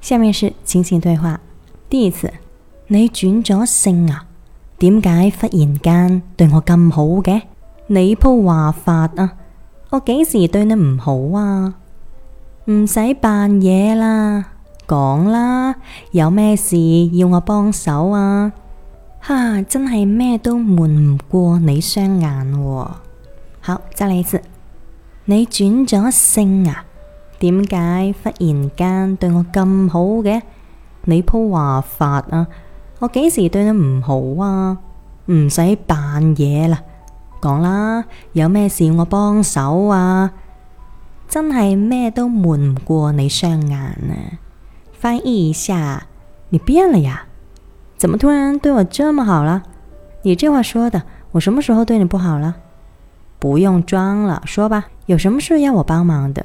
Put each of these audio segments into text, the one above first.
下面是情景對話。第一次，你轉咗性啊？點解忽然間對我咁好嘅？你鋪話法啊？我幾時對你唔好啊？唔使扮嘢啦，講啦，有咩事要我幫手啊？哈、啊，真係咩都瞞唔過你雙眼、啊。好，再來一次，你轉咗性啊？點解忽然間對我咁好嘅？你鋪話法啊，我幾時對你唔好啊？唔使扮嘢啦，講啦，有咩事要我幫手啊？真係咩都瞞唔過你雙眼。啊，翻譯一下，你變了呀？怎麼突然對我這麼好了？你這話說的，我什麼時候對你不好了？不用裝了，說吧，有什麼事要我幫忙的？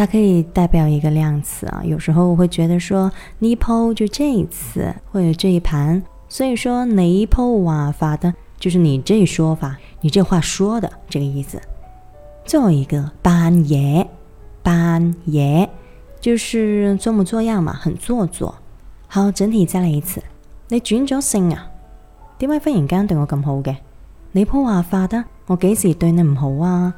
它可以代表一個量詞啊，有時候我會覺得說，你鋪就這一次，或者這一盤，所以說，你鋪話法的，就是你這說法，你這話說的這個意思。最後一個，扮嘢，扮嘢，就是做模做樣嘛，很做作。好，整體再來一次，你轉咗性啊？點解忽然間對我咁好嘅？你鋪話法的，我幾時對你唔好啊？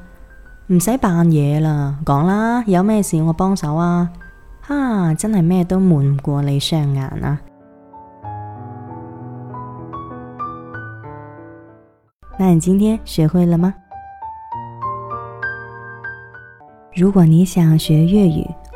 唔使扮嘢啦，講啦，有咩事我幫手啊？哈，真係咩都瞞唔過你雙眼啊！那你今天學會了嗎？如果你想學粵語，